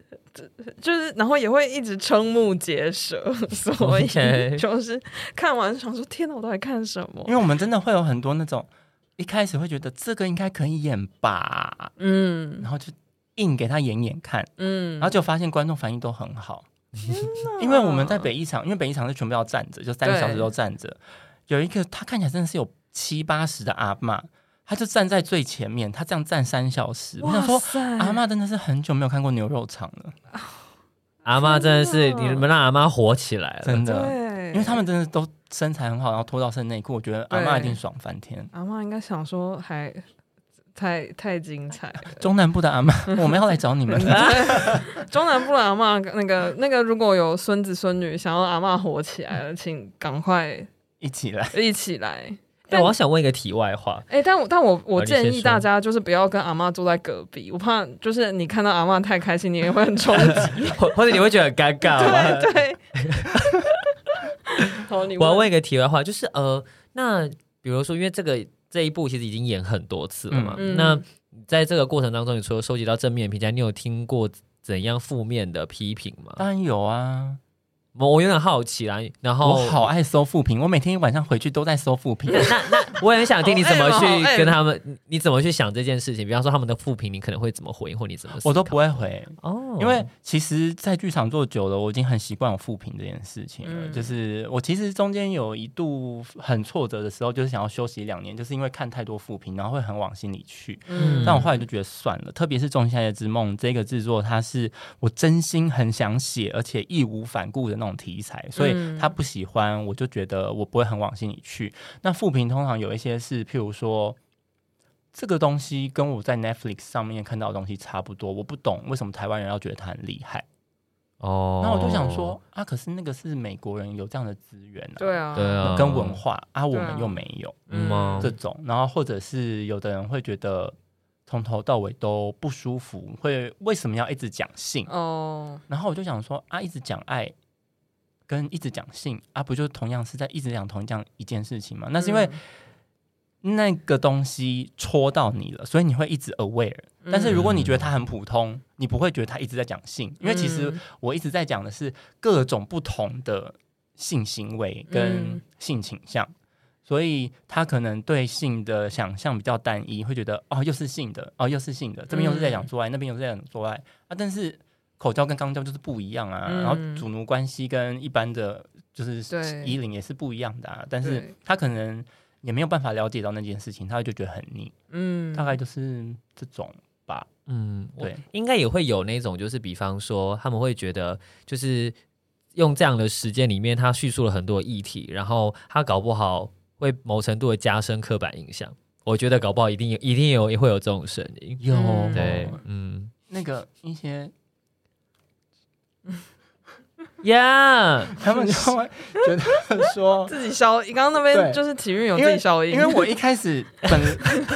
就是，然後也會一直瞠目結舌，所以就是看完想說：天哪，我都還看什麼？因為我們真的會有很多那種一開始會覺得這個應該可以演吧，嗯，然後就硬給他演演看，嗯，然後就發現觀眾反應都很好，哪因為我們在北一場，因為北一場是全部要站着，就三個小時都站着，對有一個他看起來真的是有七八十的阿嬤。他就站在最前面，他這樣站三小時，塞我想說，阿嬤真的是很久沒有看過牛肉場了。啊、阿嬤真的是你們讓阿嬤火起來了，真的，對因為他們真的都身材很好，然後脫到剩內褲，我覺得阿嬤一定爽翻天。阿嬤應該想說還，還太太精彩。中南部的阿嬤，我們要來找你們了。 中南部的阿嬤，那個那個，如果有孫子孫女想要阿嬤火起來了，請趕快一起來，一起來。但我想問一個題外話，但、欸、但我但我，我建議大家就是不要跟阿媽住在隔壁，啊、我怕就是你看到阿媽太開心，你也會很着急， 或者你會覺得很尷尬，嗎？ 對。 我要問一個題外話，就是呃，那比如說，因為這個這一部其實已經演很多次了嘛，嗯、那在這個過程當中，你除了收集到正面評價，你有聽過怎樣負面的批評嗎？當然有啊。我有點好奇啦，然後我好愛搜負評，我每天晚上回去都在搜負評。 那那我也很想聽你怎麼去跟他們，oh, hey, oh, hey. 你怎麼去想這件事情。比方說他們的負評，你可能會怎麼回，或你怎麼我都不會回哦，oh. 因為其實，在劇場做久了，我已經很習慣有負評這件事情了。嗯、就是我其實中間有一度很挫折的時候，就是想要休息兩年，就是因為看太多負評，然後會很往心裡去。嗯、但我後來就覺得算了，特別是《仲夏夜汁夢》這個制作，它是我真心很想寫，而且義無反顧的那種。題材，所以他不喜歡，嗯、我就覺得我不會很往心裡去。那負評通常有一些是，譬如說，這個東西跟我在 Netflix 上面看到的東西差不多，我不懂為什麼台灣人要覺得他很厲害哦。那我就想說啊，可是那個是美國人有這樣的資源、啊，對啊，對啊、嗯，跟文化啊，我們又沒有、啊嗯、這種。然後或者是有的人會覺得從頭到尾都不舒服，會為什麼要一直講性哦？然後我就想說啊，一直講愛。跟一直講性啊，不就同樣是在一直講同講一件事情嗎？那是因為那個東西戳到你了，所以你會一直 aware。但是如果你覺得他很普通，你不會覺得他一直在講性，因為其實我一直在講的是各種不同的性行為跟性傾向，所以他可能對性的想象比較單一，會覺得哦又是性的，哦又是性的，這邊又是在講做愛，那邊又是在講做愛啊，但是。口交跟肛交就是不一樣啊，嗯、然後主奴關係跟一般的就是依領也是不一樣的，啊，對但是他可能也沒有辦法了解到那件事情，對他就覺得很膩，嗯，大概就是這種吧，嗯，對，應該也會有那種，就是比方說他們會覺得，就是用這樣的時間裡面，他敘述了很多議題，然後他搞不好會某程度的加深刻板印象，我覺得搞不好一定有，一定有也會有這種聲音，有、嗯，對，嗯，那個一些。Yeah， 他們就會覺得他們說自己消，你剛剛那邊就是體育有自己消音，因為我一開始本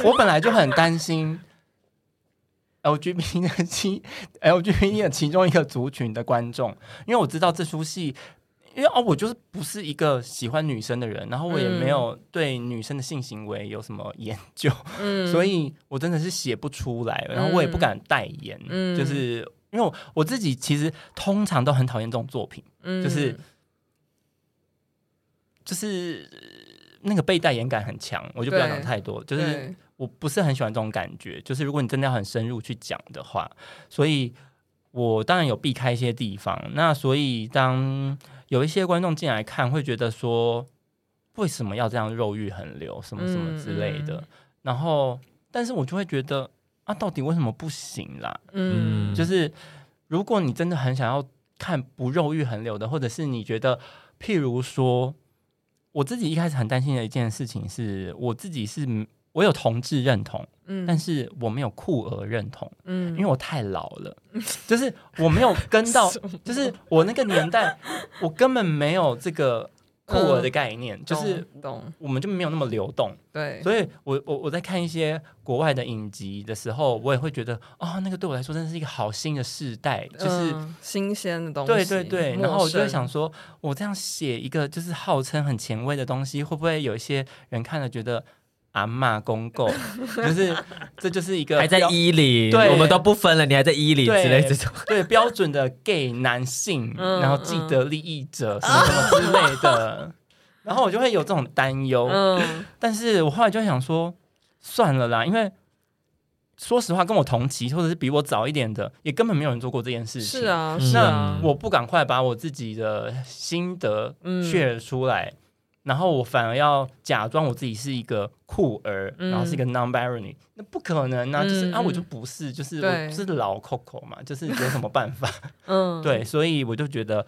我本來就很擔心 LGBT 的其 LGBT 的其中一個族群的觀眾，因為我知道這出戲，因為哦，我就是不是一個喜歡女生的人，然後我也沒有對女生的性行為有什麼研究，嗯，所以我真的是寫不出來，然後我也不敢代言，嗯，就是。因為我，我自己其實通常都很討厭這種作品，嗯、就是就是那個被代言感很強，我就不要講太多。對就是我不是很喜歡這種感覺，就是如果你真的要很深入去講的話，所以我當然有避開一些地方。那所以當有一些觀眾進來看，會覺得說為什麼要這樣肉欲橫流，什麼什麼之類的，嗯、然後但是我就會覺得。啊，到底為什麼不行啦？嗯，就是如果你真的很想要看不肉慾橫流的，或者是你覺得，譬如說，我自己一開始很擔心的一件事情是，我自己是我有同志認同，嗯，但是我沒有酷兒認同，嗯，因為我太老了，就是我沒有跟到， 就是我那個年代， 我根本沒有這個。酷兒、嗯、的概念就是，我們就沒有那麼流動。對、嗯，所以我我我在看一些國外的影集的時候，我也會覺得，哦，那個對我來說真的是一個好新的世代，就是、嗯、新鮮的東西。對對對，生然後我就會想說，說我這樣寫一個就是號稱很前衛的東西，會不會有一些人看了覺得？啊，罵公公，就是，這就是一個還在一裡，對我們都不分了，你還在一裡之類這種，對標準的 gay 男性，嗯、然後既得利益者什麼、嗯、什麼之類的，啊、然後我就會有這種擔憂。嗯、但是我後來就想說，算了啦，因為說實話，跟我同期或者是比我早一點的，也根本沒有人做過這件事情。是啊，是啊，那我不趕快把我自己的心得 share 出來。嗯然後我反而要假裝我自己是一個酷兒，嗯、然後是一個 non-binary 那不可能呢、啊，就是、嗯、啊，我就不是，就是對我不是老 coco 嘛，就是有什麼辦法？ 嗯，對，所以我就覺得，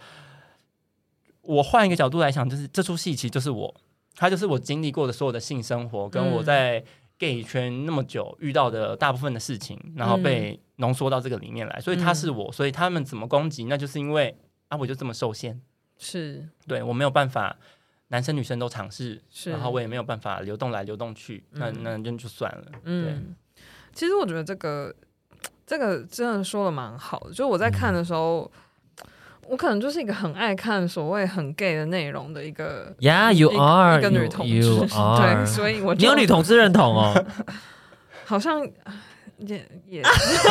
我換一個角度來想，就是這出戲其實就是我，他就是我經歷過的所有的性生活，跟我在 gay 圈那麼久遇到的大部分的事情，嗯、然後被濃縮到這個裡面來，所以他是我，嗯、所以他們怎麼攻擊，那就是因為啊，我就這麼受限，是對我沒有辦法。男生女生都嘗試，然後我也沒有辦法流動來流動去，那那就就算了。嗯，其實我覺得這個這個真的說的蠻好的，就是我在看的時候，我可能就是一個很愛看所謂很 gay 的內容的一個，Yeah，you are 一個女同志，對，所以我就，你有女同志認同哦，好像也也是，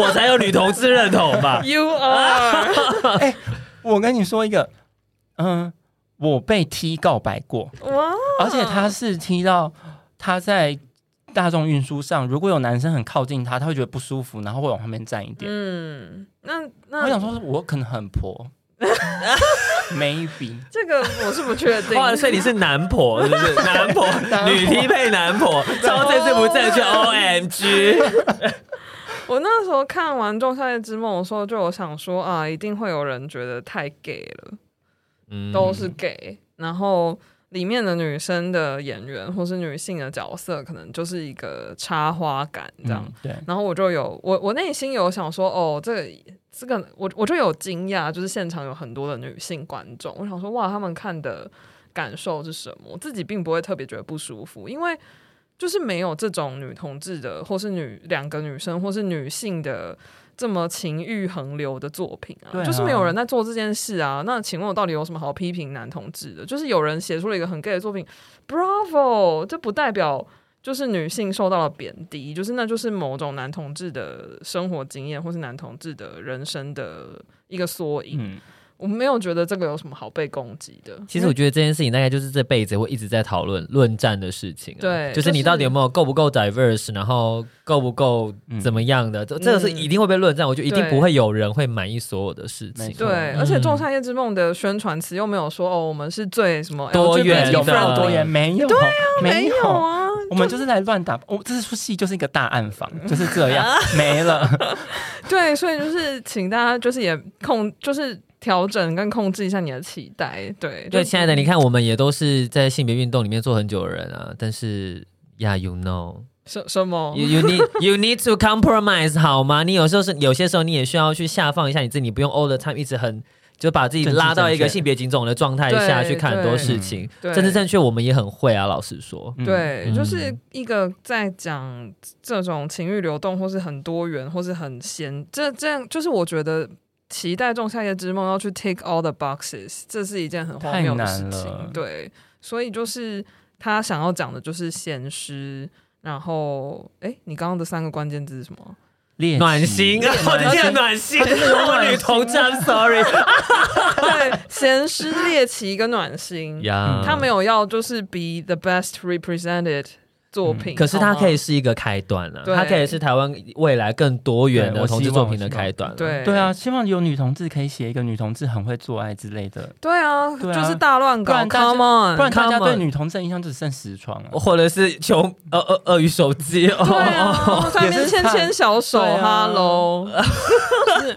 我才有女同志認同吧？You are，哎，我跟你說一個，嗯。我被踢告白過，哇而且他是踢到他在大眾運輸上，如果有男生很靠近他，他會覺得不舒服，然後會往旁邊站一點。嗯，那那我想說，我可能很婆 ，maybe 這個我是不覺得。所以你是男婆是不是？ 男婆女踢配男婆，超 政治不正確 OMG。 我那時候看完《仲夏夜汁夢》的時候，就我想說啊，一定會有人覺得太 gay 了。都是 gay，嗯，然後裡面的女生的演員或是女性的角色，可能就是一個插花感這樣。嗯、對，然後我就有我我內心有想說，哦，這個這個我我就有驚訝，就是現場有很多的女性觀眾，我想說，哇，他們看的感受是什麼？我自己並不會特別覺得不舒服，因為。就是沒有這種女同志的，或是女兩個女生，或是女性的這麼情欲橫流的作品啊，啊就是沒有人在做這件事啊。那請問，我到底有什麼好批評男同志的？就是有人寫出了一個很 gay 的作品，Bravo，這不代表就是女性受到了貶低，就是那就是某種男同志的生活經驗，或是男同志的人生的一個縮影。嗯我沒有覺得這個有什麼好被攻擊的。其實我覺得這件事情大概就是這輩子會一直在討論論戰的事情。對，就是你到底有沒有夠不夠 diverse，然後夠不夠怎麼樣的？這這個是一定會被論戰。我覺得一定不會有人會滿意所有的事情。對，而且《仲夏夜之夢》的宣傳詞又沒有說哦，我們是最什麼多元有多元，沒有，對啊，沒有啊，我們就是來亂打。我這出戲就是一個大暗房，就是這樣沒了。對，所以就是請大家就是也控就是。調整跟控制一下你的期待，對對，親愛的，嗯、你看，我們也都是在性別運動裡面做很久的人啊，但是呀、yeah, you know，什什麼？You need you need to compromise，好嗎？你有時候是有些時候你也需要去下放一下你自己，不用 all the time，一直很就把自己拉到一個性別警總的狀態下去看很多事情，對，對政治正確我們也很會啊，老實說，對，就是一個在講這種情慾流動，或是很多元，或是很閒，這這樣就是我覺得。期待《仲夏夜之夢》要去 tick all the boxes，這是一件很荒謬的事情。太難了。對，所以就是他想要講的就是鹹濕，然後哎、欸，你剛剛的三個關鍵字是什麼？戀情 暖心，啊，我見暖心，我女同站 ，sorry。 對，鹹濕、獵奇跟暖心，他沒有要就是 be the best represented。作品，可是它可以是一個開端了，它可以是台灣未來更多元的同志作品的開端。對，對啊，希望有女同志可以寫一個女同志很會做愛之類的。對啊，就是大亂搞，Come on，他們不然大家對女同志的印象只剩死床了，或者是求鱷鱷鱷魚手記。哦，啊，上面牽牽小手哈嘍，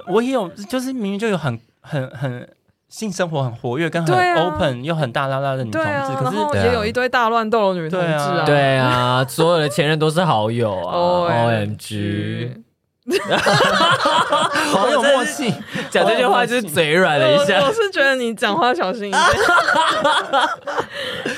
我也有，就是明明就有很很很。性生活很活躍，跟很 open 又很大大大的女同志，啊、可是然後也有一堆大亂鬥的女同志啊！對啊， 對啊，所有的前任都是好友啊，OMG。 OMG 好有默契，講 這句話就是嘴軟了一下 我。 我是覺得你講話小心一點。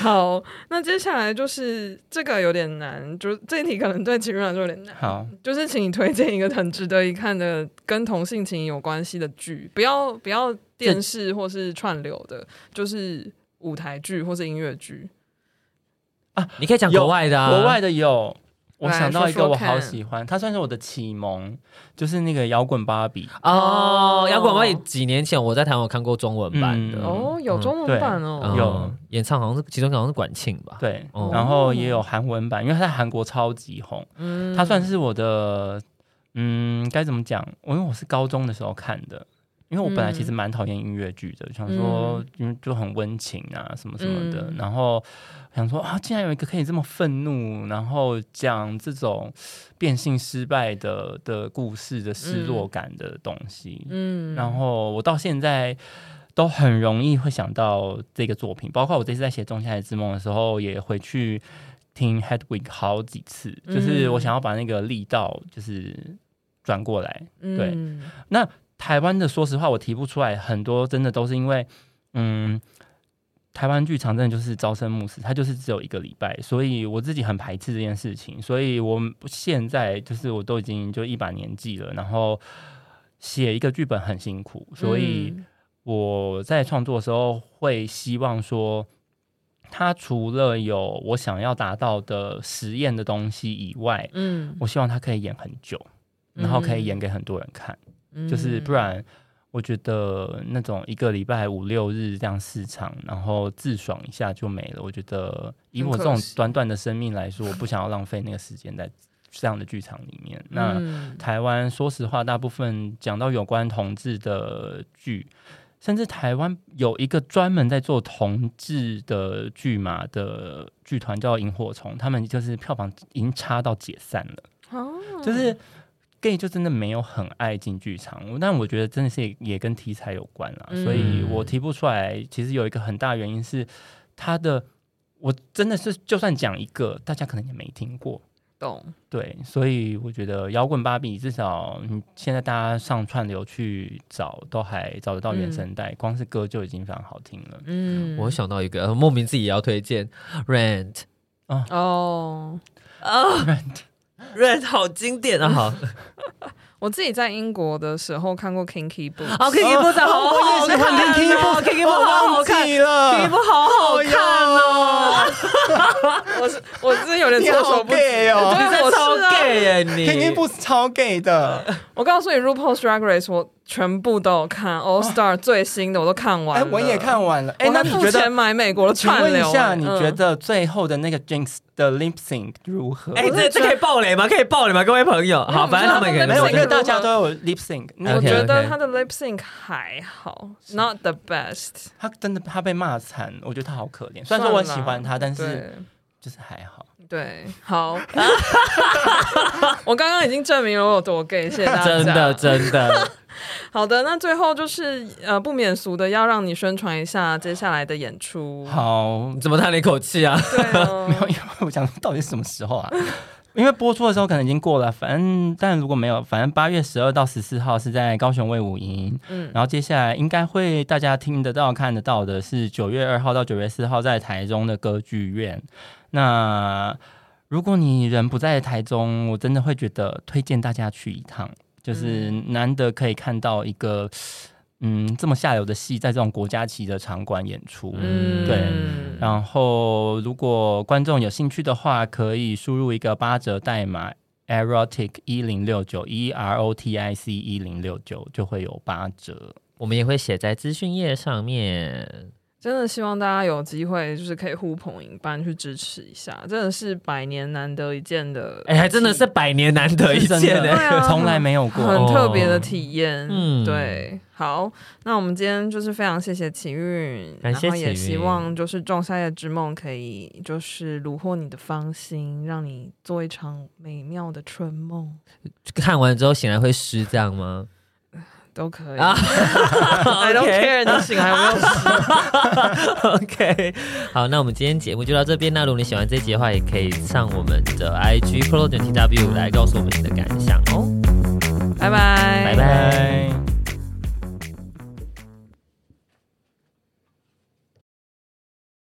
好，那接下來就是這個有點難，就是這一題可能對情侶來說有點難。好，就是請你推薦一個很值得一看的跟同性情有關係的劇，不要不要電視或是串流的，這就是舞台劇或是音樂劇啊。你可以講國外的啊，國外的有。我想到一個我好喜歡，他算是我的啟蒙，就是那個搖滾芭比哦，搖滾、oh, oh. 芭比幾年前我在台灣有看過中文版的哦，oh, 有中文版哦，對 oh. 有演唱好像是其中好像是管罄吧，對，然後也有韓文版，oh. 因為他在韓國超級紅，嗯，他算是我的、oh. 嗯該怎麼講，我因為我是高中的時候看的。因為我本來其實蠻討厭音樂劇的，嗯、想說就很溫情啊什麼什麼的，嗯、然後想說啊，竟然有一個可以這麼憤怒，然後講這種變性失敗的的故事的失落感的東西，嗯，嗯然後我到現在都很容易會想到這個作品，包括我這次在寫《仲夏之夢仲夏夜汁夢》的時候，也回去聽 Hedwig 好幾次，嗯、就是我想要把那個力道就是轉過來，嗯、對，那。台灣的，說實話，我提不出來。很多真的都是因為，嗯，台灣劇場真的就是朝生暮死，它就是只有一個禮拜，所以我自己很排斥這件事情。所以我現在就是我都已經就一把年紀了，然後寫一個劇本很辛苦，所以我在創作的時候會希望說，它除了有我想要達到的實驗的東西以外，嗯，我希望它可以演很久，然後可以演給很多人看。就是不然，我覺得那種一個禮拜五六日這樣四場，然後自爽一下就沒了。我覺得以我這種短短的生命來說，我不想要浪費那個時間在這樣的劇場裡面。那台灣說實話，大部分講到有關同志的劇，甚至台灣有一個專門在做同志的劇嘛的劇團叫螢火蟲，他們就是票房已經差到解散了，就是。gay 就真的沒有很愛進劇場，但我覺得真的是也,也跟題材有關了，嗯、所以我提不出來。其實有一個很大原因是，他的我真的是就算講一個，大家可能也沒聽過，懂？對，所以我覺得搖滾芭比至少你現在大家上串流去找都還找得到原聲帶，嗯、光是歌就已經非常好聽了。嗯，我想到一個莫名自己也要推薦 Rent 哦哦 Rent。Red 好經典啊！我自己在英國的時候看過 Kinky Boots。好 Kinky Boots 在，我我也喜歡 Kinky Boots，Kinky Boots 好好看，Kinky Boots 好好看啊！哦，我是我真有點超 gay 哦，你真超 gay 耶！你肯定不是超 gay 的。我告訴你，《RuPaul's Drag Race》我全部都有看，《All Star》最新的我都看完了。我也看完了。哎，那你覺得買美國的串流？請問一下，你覺得最後的那個 Jinx 的 lip sync 如何？哎，這這可以爆雷嗎?可以爆雷嗎？各位朋友，好，反正他們也沒有因為大家都有 lip sync。我覺得他的 lip sync 還好，Not the best。他真的他被罵慘，我覺得他好可憐。雖然說我。喜歡他，但是就是還好。對，好，啊、 我剛剛已經證明我有多 gay，謝謝大家。真的，真的。 好的，那最後就是呃，不免俗的要讓你宣傳一下接下來的演出。好，怎麼嘆了一口氣啊？哦、 沒有，因為我講到底什麼時候啊？ 因為播出的時候可能已經過了，反正，但如果沒有，反正八月十二到十四號是在高雄衛武營，嗯，然後接下來應該會大家聽得到、看得到的是九月二號到九月四號在台中的歌劇院。那如果你人不在台中，我真的會覺得推薦大家去一趟，就是難得可以看到一個。嗯，這麼下流的戲，在這種國家級的場館演出，嗯、對。然後，如果觀眾有興趣的話，可以輸入一個八折代碼 “erotic 一零六九 erotic 一零六九 ”，E-R-O-T-I-C 一零六九，就會有八折。我們也會寫在資訊頁上面。真的希望大家有機會，就是可以呼朋引伴去支持一下，真的是百年難得一見的。哎，還真的是百年難得一見，的、從來沒有過，很、哦、很特別的體驗。嗯，對。好，那我們今天就是非常謝謝啟運，嗯、然後也希望就是仲夏夜汁夢可以就是虜獲你的芳心，讓你做一場美妙的春夢。看完之後醒來會是這樣嗎？都可以 ，I don't care，OK，好，那我們今天節目就到這邊。那如果你喜歡這集的話，也可以上我們的 IG pro 點 tw 來告訴我們你的感想哦。拜拜 Bye bye, bye，拜拜。